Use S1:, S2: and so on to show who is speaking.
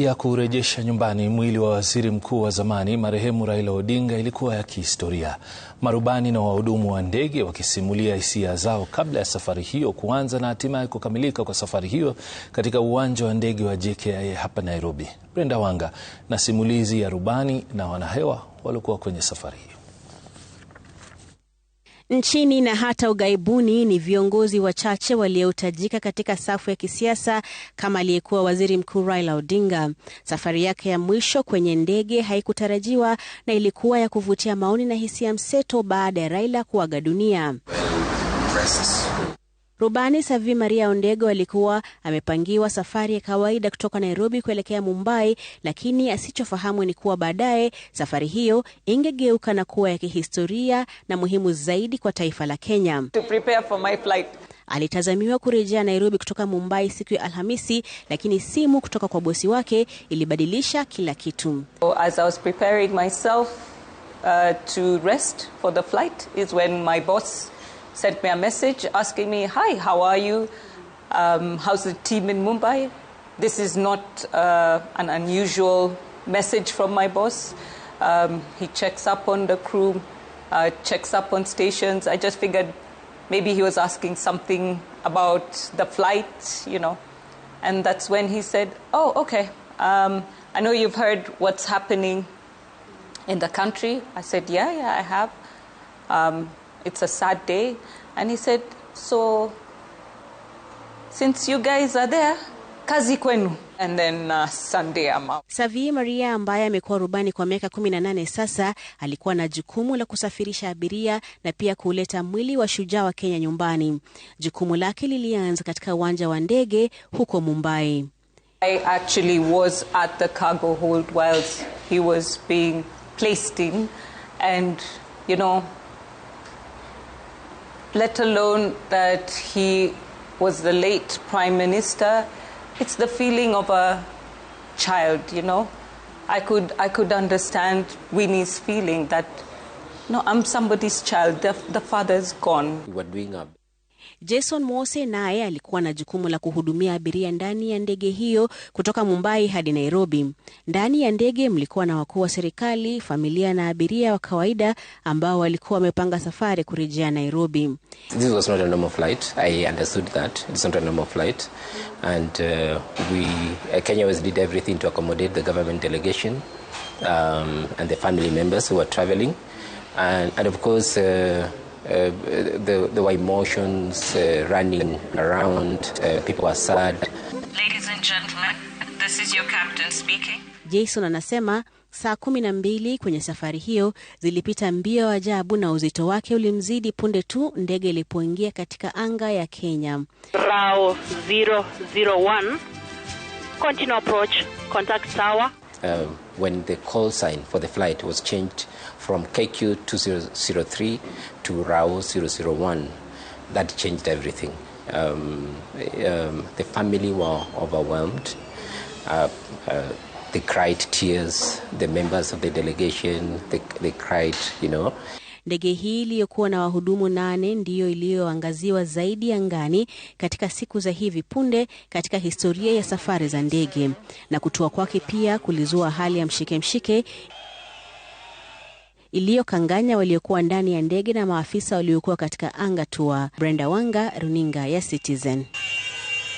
S1: ya kurejesha nyumbani mwili wa waziri mkuu wa zamani marehemu Raila Odinga ilikuwa ya kihistoria. Marubani na wahudumu wa ndege wakisimulia hisia zao kabla ya safari hiyo kuanza na hatimaye kukamilika kwa safari hiyo katika uwanja wa ndege wa JKIA hapa Nairobi. Brenda Wanga na simulizi ya rubani na wanahewa waliokuwa kwenye safari hiyo.
S2: Nchini na hata ughaibuni ni viongozi wachache waliotajika katika safu ya kisiasa kama aliyekuwa waziri mkuu Raila Odinga. Safari yake ya mwisho kwenye ndege haikutarajiwa na ilikuwa ya kuvutia maoni na hisia mseto baada ya Raila kuaga dunia. Rubani Savi Maria Ondego alikuwa amepangiwa safari ya kawaida kutoka Nairobi kuelekea Mumbai, lakini asichofahamu ni kuwa baadaye safari hiyo ingegeuka na kuwa ya kihistoria na muhimu zaidi kwa taifa la Kenya.
S3: To prepare for my flight.
S2: Alitazamiwa kurejea Nairobi kutoka Mumbai siku ya Alhamisi, lakini simu kutoka kwa bosi wake ilibadilisha kila kitu.
S3: So as I was preparing myself, uh, to rest for the flight is when my boss sent me a message asking me, Hi, how are you? Um, how's the team in Mumbai? This is not uh, an unusual message from my boss. Um, he checks up on the crew, uh, checks up on stations. I just figured maybe he was asking something about the flight, you know. And that's when he said, Oh, okay. Um, I know you've heard what's happening in the country. I said, Yeah, yeah, I have. Um, it's a sad day. And he said, So, since you guys are there, kazi kwenu. And then, uh, Sunday I'm out.
S2: Savi Maria ambaye amekuwa rubani kwa miaka 18 sasa alikuwa na jukumu la kusafirisha abiria na pia kuleta mwili wa shujaa wa Kenya nyumbani. Jukumu lake lilianza katika uwanja wa ndege huko Mumbai.
S3: I actually was at the cargo hold whilst he was being placed in and you know let alone that he was the late prime minister. It's the feeling of a child, you know. I could, I could understand Winnie's feeling that, no, I'm somebody's child. The, the father's gone. You were doing
S2: Jason Mose naye alikuwa na jukumu la kuhudumia abiria ndani ya ndege hiyo kutoka Mumbai hadi Nairobi. Ndani ya ndege mlikuwa na wakuu wa serikali, familia na abiria wa kawaida ambao walikuwa wamepanga safari kurejea Nairobi.
S4: This was not a normal flight. I understood that. It's not a normal flight. And uh, we, uh, Kenya was did everything to accommodate the government delegation um, and the family members who were traveling. And, and of course, uh, Uh, there, there were emotions uh, running around. Uh, people were sad.
S5: Ladies and gentlemen, this is your captain speaking.
S2: Jason anasema saa kumi na mbili kwenye safari hiyo zilipita mbio ajabu na uzito wake ulimzidi punde tu ndege ilipoingia katika anga ya Kenya.
S6: Rao 001 continue approach contact tower
S4: um, when the call sign for the flight was changed from KQ2003 to RAO 001. That changed everything. Um, um, the family were overwhelmed. Uh, uh, they cried tears, the members of the delegation, they, they cried, you know.
S2: Ndege hii iliyokuwa na wahudumu nane ndiyo iliyoangaziwa zaidi angani katika siku za hivi punde katika historia ya safari za ndege, na kutua kwake pia kulizua hali ya mshike mshike iliyokanganya waliokuwa ndani ya ndege na maafisa waliokuwa katika anga tu Brenda Wanga, runinga ya Citizen.